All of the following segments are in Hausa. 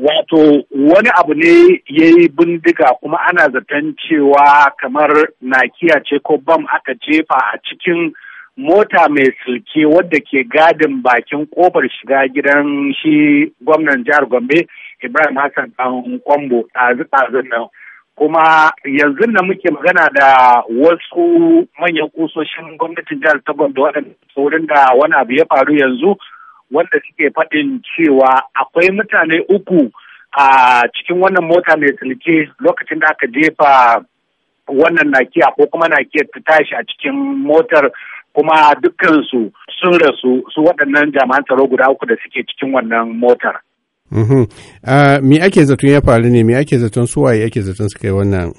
wato wani abu ne ya yi bindiga kuma ana zaton cewa kamar nakiya ce ko bam aka jefa a cikin mota mai silke wadda ke gadin bakin kofar shiga gidan shi gwamnan jihar gombe ibrahim hassan dan kwambo ɗazu nan kuma yanzu da muke magana da wasu manyan kusoshin gwamnatin jihar ta gombe wadanda saurin da wani abu ya faru yanzu wanda suke faɗin cewa akwai mutane uku a cikin wannan mota mai silke lokacin da aka jefa wannan nakiya ko kuma nakiya ta tashi a cikin motar kuma dukkansu sun rasu su waɗannan jami'an tsaro guda uku da suke cikin wannan motar. Mhm. Me ake zaton ya faru ne, me ake zaton suwaye ake zaton suka yi wannan?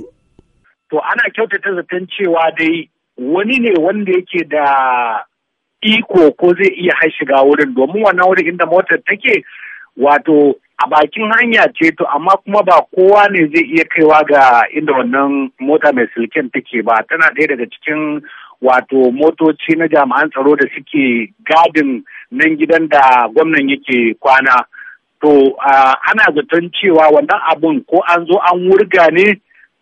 To ana kyautata zaton cewa dai wani ne wanda yake da iko ko zai iya har shiga wurin domin wannan wurin inda motar take wato a bakin hanya ce to amma kuma ba kowa ne zai iya kaiwa ga inda wannan mota mai silken take ba tana ɗaya daga cikin wato motoci na jami'an tsaro da suke gadin nan gidan da gwamnan yake kwana to ana zaton cewa wannan abun ko an zo an wurga ne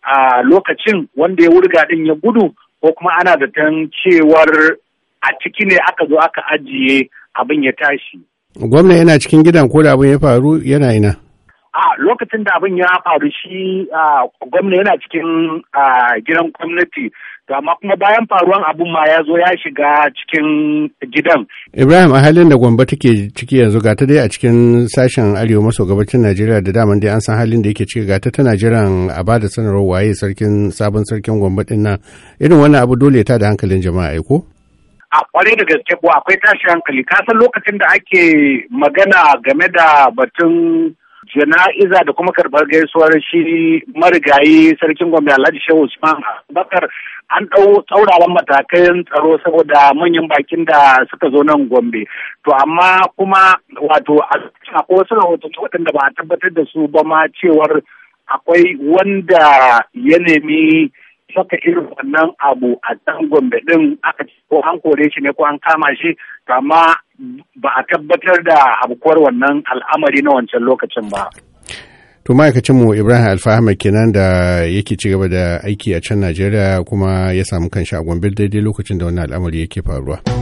a lokacin wanda ya wurga din ya gudu ko kuma ana zaton cewar a ciki ne aka zo aka ajiye abin ya tashi. Gwamna yana cikin gidan ko da abin ya faru yana ina? A lokacin da abin ya faru shi gwamna yana cikin gidan gwamnati amma kuma bayan faruwan abin ma ya zo ya shiga cikin gidan. Ibrahim a halin da Gwamba take ciki yanzu gata dai a cikin sashen arewa maso gabacin Najeriya da daman dai an san halin da yake ciki gata tana jiran a bada sanarwar waye sarkin sabon sarkin Gwamba din irin wannan abu dole ta da hankalin jama'a ko a kwarai da gaske ko akwai tashi hankali kasan lokacin da ake magana game da batun jana'iza da kuma karbar gaisuwar shi marigayi sarkin gombe alhaji shehu usman bakar an ɗau tsauraran matakan tsaro saboda manyan bakin da suka zo nan gombe to amma kuma wato a ko wasu rahotanni waɗanda ba a tabbatar da su ba ma cewar akwai wanda ya nemi saka irin wannan abu a dan gombe din aka ko an kore shi ne ko an kama shi kama ba a tabbatar da abukuwar wannan al'amari na wancan lokacin ba. To ma'aikacin mu Ibrahim Alfahama kenan da yake ci gaba da aiki a can Najeriya kuma ya samu kanshi a Gombe daidai lokacin da wannan al'amari yake faruwa.